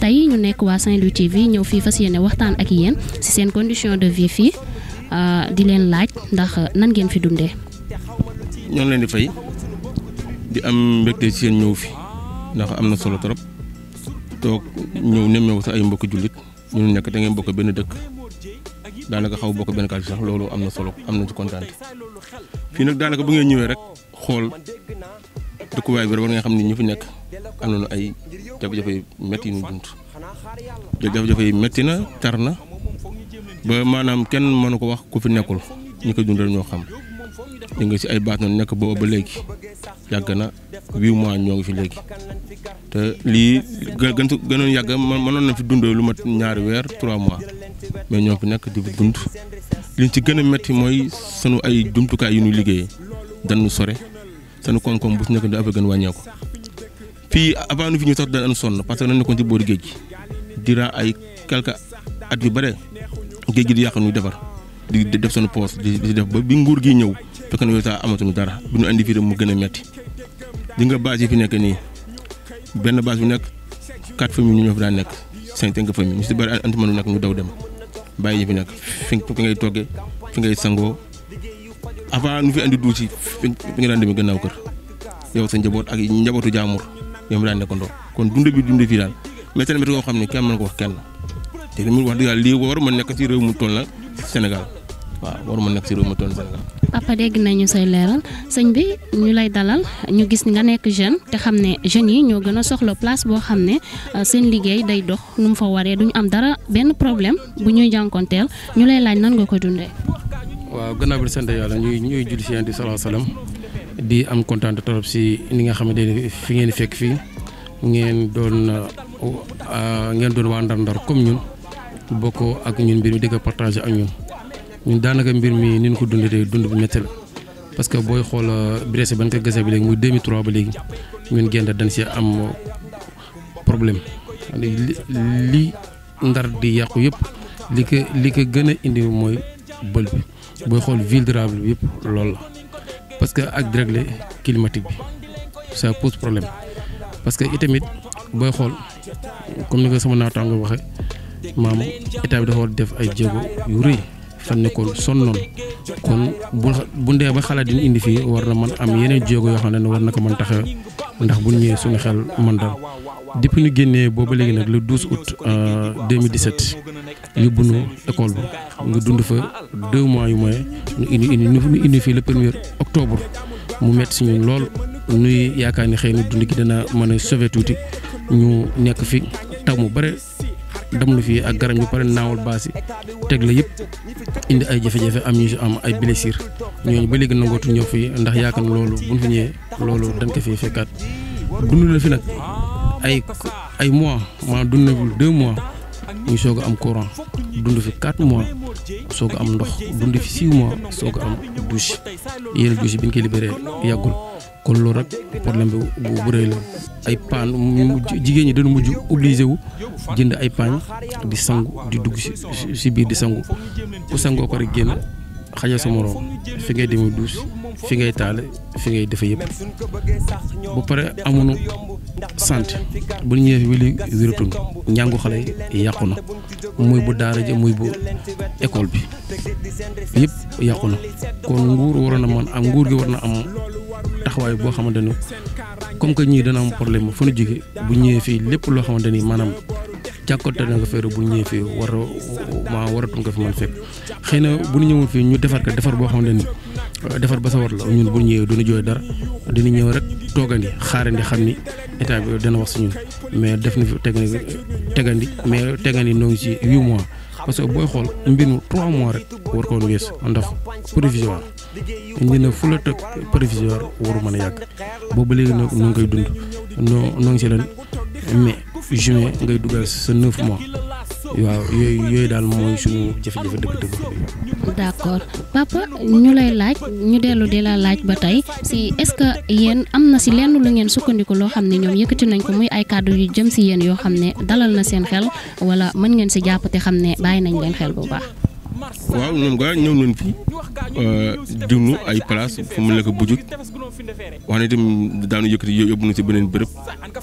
tay ñu nekk wa Saint Louis TV ñew fi fasiyene yéene waxtaan ak yeen ci seen condition de vie fi euh di leen laaj ndax euh, nan ngeen fi dundé ñoo leen di fay di am mbégte ci seen ñew fi ndax amna na solo trop toog ñëw nemmeewu sa ay mbokk julit ñu nekk da ngeen bokk benn dëkk daanaka xaw bokk benn kàddu sax loolu amna solo amna na ci kontaan fii nag daanaka bu ngeen ñewé rek xol xool way bi war nga xamni ñu fi nekk amna nañu ay. jafe-jafe yi métti yi dund jafe-jafe yi métti na tar na ba maanaam kenn mënu ko wax ku fi nekkul ñu ko dundal ñoo xam ñu ngi si ay baat noonu nekk booba ba léegi yàgg na huit mois ñoo ngi fi léegi te lii gën gënoon yàgg mënoon na fi dund lu mat ñaari weer trois mois mais ñoo fi nekk di fi dund liñ ci gën a métti mooy sunu ay jumtukaay yu ñu liggéeyee dañu sore sunu koom-koom bu su nekk dafa gën wàññeeku. fii avant nu fi ñu sax daan sonn parce que dañ nekkoon ci boori géej gi durant ay quelques at yu bare géej gi di yàq ñuy defar di def seen poos di def ba bi nguur gi ñëw fekk na yooyu sax amatuñu dara bi ñu indi fii rek mu gën a metti di nga base yi fi nekk nii benn base bu nekk quatre familles ñu ñoo fi daan nekk cinq cinq familles ñu si bëri anti mënu nekk ñu daw dem bàyyi ñu fi nekk fi ngay toggee fi ngay sangoo avant nu fi andi duus yi fi nga daan demee gannaaw kër yow sa njaboot ak njabootu jaamur ñoom daan nekkandoo kon dund bi dund fii daal métti na métti koo xam ne kenn mën ko wax kenn te li mu wax dëgg yàlla lii war ma nekk ci réew mu toll na Sénégal waaw war ma nekk ci réew mu toll Sénégal. papa dégg nañu say leeral sëñ bi ñu lay dalal ñu gis nga nekk jeune te xam ne jeunes yi ñoo gën a soxla place boo xam ne euh, seen liggéey day dox nu mu fa waree ñu am dara benn problème bu ñuy jànkonteel ñu lay laaj nan nga ko dundee. waaw a bi sant yàlla ñuy ñuy julli ci yonent bi sallallahu alayhi di am kontaan torop ci ni nga xamé dañu fi ngeen fekk fi ngeen doon uh, uh, ngeen doon waa Ndar comme ñun boko ak ñun mbir mi diga partager ak ñun ñun daanaka mbir mi ni ko dundé dund bu métti parce que boy xol uh, Brescia ban ko gëssé bi légui muy 2003 ba légui ñun gënda dañ ci am problème li Ndar di yaq yépp li ke li ke gëna indi moy bëlb boy xol vulnérable yépp lool la. parce que ak dérègle climatique bi ça pose problème parce itamit booy xool comme ni ko sama naataango waxee maam état bi dafa war def ay jéego yu rëy fan nekkoon sonnoon kon bu bu ndee ba xalaat di indi fii war na mën am yeneen jéego yoo xam ne war na ko man tax ndax bu ñëwee suñu xel mën dal depuis ñu génnee booba léegi nag le 12 août 2017. Euh, yóbbu nu école ba nga dund fa deux mois yu moyen nu indi indi nu indi fii le premier octobre mu metti si ñun lool nuy yaakaar ni xëy na dund gi dana mën a sauver ñu nekk fi taw mu bare dam lu fii ak garam yu pare naawal baas yi teg la yëpp indi ay jafe-jafe am ñu si am ay ñoo ñu ba léegi nangootu ñëw fii ndax yaakaar na loolu bu ñu fi ñëwee loolu dañ ko fi fekkaat dund na fi nag ay ay mois maanaam dund na fi deux mois muy soog a am courant dund fi 4 mois soog am ndox dund fi 6 mois soog am douche yéen douche bi ñu koy libéré yàggul kon loolu rek problème bi bu bu rëy la ay paan jigéen ñi dañu mujj obligé wu jënd ay paañ di sangu di dugg si si biir di sangu ku sangoo pare génn xajal sa moroom fi ngay demee douche fi ngay taale fi ngay defee yëpp ba pare amuñu santé bu ñu ñëwee ba léegi wératuñu njàngu xale yi yàqu na muy bu daara ji muy bu école bi yëpp yàqu na kon nguur waroon na mën am nguur gi war na am taxawaay boo xamante ni comme que ñii dana am problème bu fu ñu jógee bu ñëwee fii lépp loo xamante ni maanaam te na nga feere bu ñëwee fii war a maa waratuñ ko fi mën fekk xëy na bu ñu ñëwoon fii ñu defar ko defar boo xamante defar ba sa war la ñun bu ñëwee du jooy dara dina ñëw rek. toogandi xaarandi xam ni état bi dana wax si ñun mais def na fi tegandi tegandi mais tegandi noo ngi ci huit mois parce que booy xool mbir mi trois mois rek war ko woon wees ndax provisoire indi na fu la teg provisoire waru mën a yàgg boobu léegi nag ñoo dund noo noo ngi leen mais juin ngay dugal sa neuf mois. waaw yooyu yooyu daal mooy suñu jafe-jafe dëgg-dëgg. d' accord papa ñu lay laaj ñu dellu di laa laaj ba tey si est ce que yéen am na si lenn lu ngeen sukkandiku loo xam ne ñoom yëkkati nañ ko muy ay kàddu yu jëm si yéen yoo xam ne dalal na seen xel wala mën ngeen si jàpp te xam ne bàyyi nañ leen xel bu baax. waaw ñoom quoi ñëw nañ fi euh, dimlu ay place fu mu nekk bu jub wax ne itam daanu yëkkati yóbbu na si beneen bërëb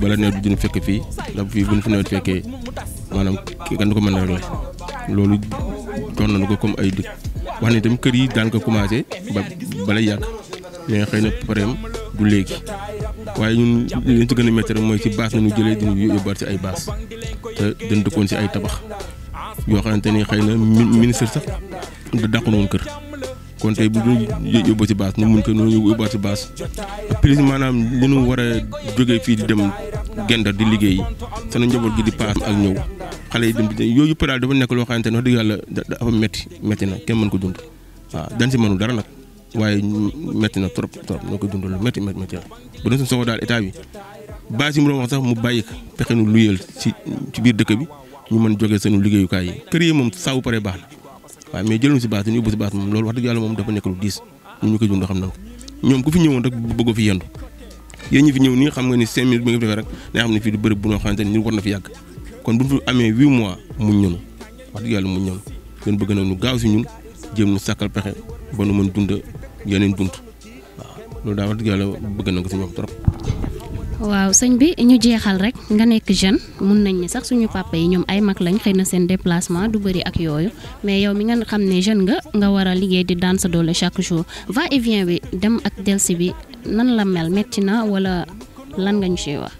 bala nawet bi dina fekk fii ndax maanaam kii kan du ko mën a régler loolu na nañu ko comme ay dëkk wax ne itam kër yi daan ko commencé ba balay yàgg mais xëy na pareem du léegi waaye ñun liñ ci gën a métti mooy ci baas nañu jëlee dinañu yóbbaat si ay baas te dañ dëkkoon si ay tabax yoo xamante ni xëy na ministre sax da dàqoon woon kër kon tey bu ñu yóbbu si baas ñu mun ko ñu yóbbaat si baas plus maanaam li ñu war a jógee fii di dem gendar di liggéey seen njaboot gi di paas ak ñëw xale yi dem yooyu yëpp daal dafa nekk loo xamante ne wax dëgg yàlla dafa metti metti na kenn mën ko dund waaw dañ si mënul dara nag waaye metti na trop trop ñoo ko dund lu metti metti metti la bu doon suñu soxla daal état bi base yi mu doon wax sax mu bàyyi ko pexe nu luyeel ci ci biir dëkk bi ñu mën jógee seen liggéeyukaay yi kër yi moom saa bu paree baax na waaw mais jëluñu si base ñu yóbbu si base moom loolu wax dëgg yàlla moom dafa nekk lu diis ñu ñu ko dund xam na ñoom ku fi ñëwoon rek bëggoo fi yendu yéen ñi fi ñëw nii xam nga ni cinq minutes bi nga fi rek day xam ne fii du bërëb bu noo xamante ni war na fi yàgg kon bu amee huit mois muñ ñunu wax dëgg yàlla muñ ñunu kon bëgg na nu gaaw si ñun jéem nu sàkkal pexe ba nu mën dund yeneen dund waaw bëgg na ko si ñoom sëñ bi ñu jeexal rek nga nekk jeune mun nañ ni sax suñu papa yi ñoom ay mag lañ xëy na seen déplacement du bëri ak yooyu mais yow mi nga xam ne jeune nga nga war a liggéey di daan sa doole chaque jour va et vient bi dem ak delsi bi nan la mel métti na wala lan nga ñu siy wax.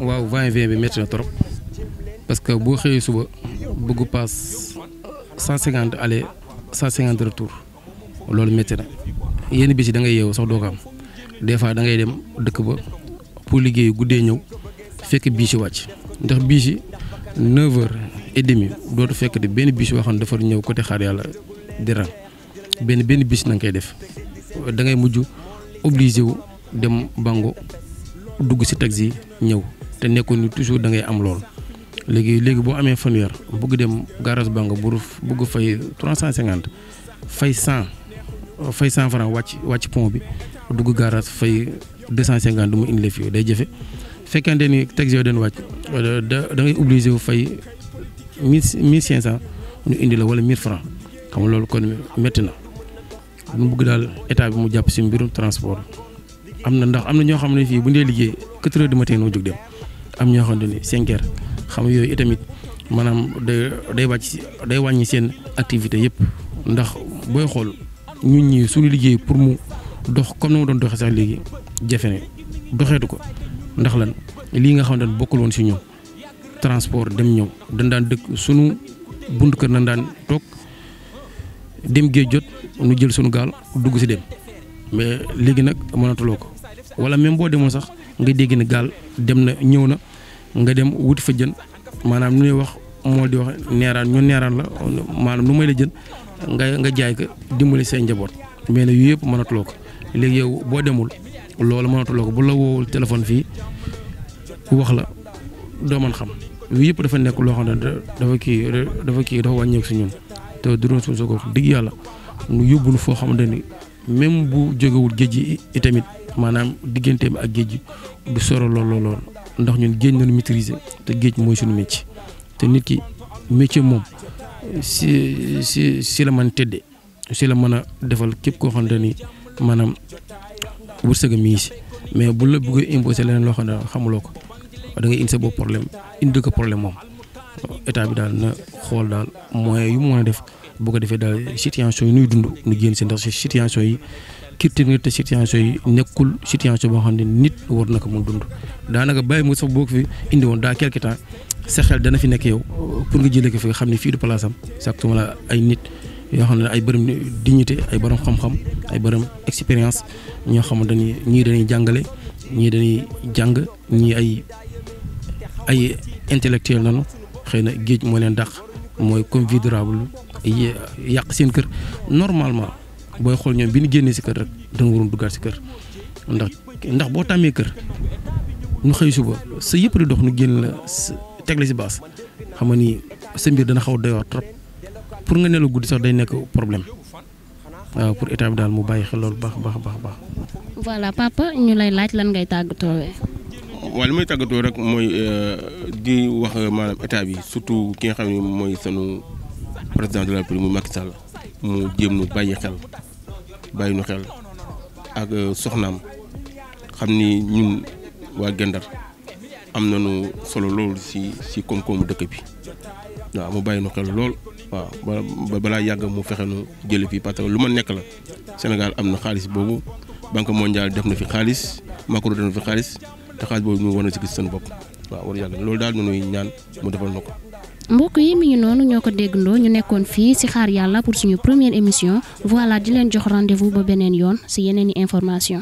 waaw va et vient bi métti na trop. parce que boo xëyee suba bëggu paas cent cinquante aller cent cinquante retour loolu métti na yenn bis yi da ngay yeewu sax do ko am des fois da ngay dem dëkk ba pour liggéey guddee ñëw fekk biis yi wàcc ndax biis yi neuf heures et demi dootu fekk di benn biis yoo xam ne dafa ñëw côté xaar yàlla di ran benn benn biis na nga koy def da ngay mujj obligé wu dem bango dugg si taxi ñëw te nekkoon ni toujours da ngay am loolu. léegi léegi boo amee fanweer bëgg dem garage ba nga bu bëgg fay trois cent cinquante fay cent fay cent franc wàcc wàcc pont bi dugg garage fay deux cent cinquante du mu indi la fii day jafe fekkente ni taxi yooyu dañu wàcc da da ngay obligé wu fay mille cinq cent ñu indi la wala mille franc xam loolu kon métti na mu bëgg daal état bi mu jàpp si mbirum transport am na ndax am na ñoo xam ne fii bu ñu dee liggéey quatre heures du matin noo jóg dem am ñoo xam ne ni cinq heures xam nga yooyu itamit maanaam day day wàcc day wàññi seen activité yëpp ndax booy xool ñun ñi suñu liggéey pour mu dox comme na ma doon doxee sax léegi jafe ne doxeetu ko ndax lan lii nga xam ne bokkul woon si ñoom transport dem ñëw dañ daan dëkk sunu buntu kër dañ daan toog dem géej jot nu jël sunu gaal dugg si dem mais léegi nag mënatuloo ko wala même boo demoon sax nga dégg ne gaal dem na ñëw na. nga dem wuti fa jën maanaam nu ñuy wax moo di wax neeraan ñu neeraan la maanaam lu may la jën nga nga jaay ko dimbali seen njaboot mais ne yooyu yëpp mënatuloo ko léegi yow boo demul loolu mënatuloo ko bu la woowul téléphone fii ku wax la doo mën xam yooyu yëpp dafa nekk loo xam ne dafa kii dafa kii dafa wàññeeku si ñun te du doon suñu soog digg yàlla nu yóbbu nu foo xamante ni même bu jógewul géej gi itamit maanaam digganteem ak géej gi du soro lool lool ndax ñun géej nañu maîtriser te géej mooy suñu métier te nit ki métier moom si si si la man tëddee si la mën a defal képp koo xamante ni maanaam wërsëgam yi si mais bu la bëggee imposer leneen loo xam ne xamuloo ko da ngay indi sa bopp problème indi ko problème moom état bi daal na xool daal moyens yu mu mën a def boo ko defee daal situation yi nuy dund nu génn si ndox si situation yi. critique te situation yi nekkul situation boo xam ne nit war na ko mun dund daanaka bàyyi mu sax boo ko fi indi woon daa quelque temps sa xel dana fi nekk yow pour nga jëlee ko fi nga xam ne fii du place am exactement la ay nit yoo xam ne ay borom dignité ay borom xam-xam ay borom expérience ñoo xam ni ñii dañuy jàngale ñii dañuy jàng ñii ay ay intellectuel lañu xëy na géej moo leen dàq mooy comme vulnérable yàq seen kër normalement. booy xool ñoom bi nu génnee si kër rek danga waroon duggaat si kër ndax ndax boo tàmmee kër ñu xëy suba sa yëpp di dox nu génn la teg la si baas xam nga ni sa mbir dana xaw doyoo trop pour nga nelaw guddi sax day nekk problème waaw pour état bi daal mu bàyyi xel loolu baax baax baax baax. voilà papa ñu lay laaj lan ngay tàggatoo. waaw li may tàggatoo rek mooy euh, di wax maanaam état bi surtout ki nga xam ne mooy sunu président de la République muy Macky Sall mu jëm nu bàyyi xel bàyyi nu xel ak euh, soxnaam xam ni ñun waa Guet-Ndar am nañu solo lool si si koom-koomu dëkk bi waaw mu bàyyi nu xel lool waaw ba balaa yàgg mu fexe nu jël fi parce que lu ma nekk la Sénégal am na xaalis boobu banque mondiale def na fi xaalis Macron def na fi xaalis te xaalis boobu ñu war na si gis seen bopp waaw war yàgg loolu daal nu ñaan mu defal na ko mbokk yi mi ngi noonu ñoo ko déggandoo ñu nekkoon fii ci xaar yàlla pour suñu première émission voilà di leen jox rendez-vous ba beneen yoon ci yeneen i information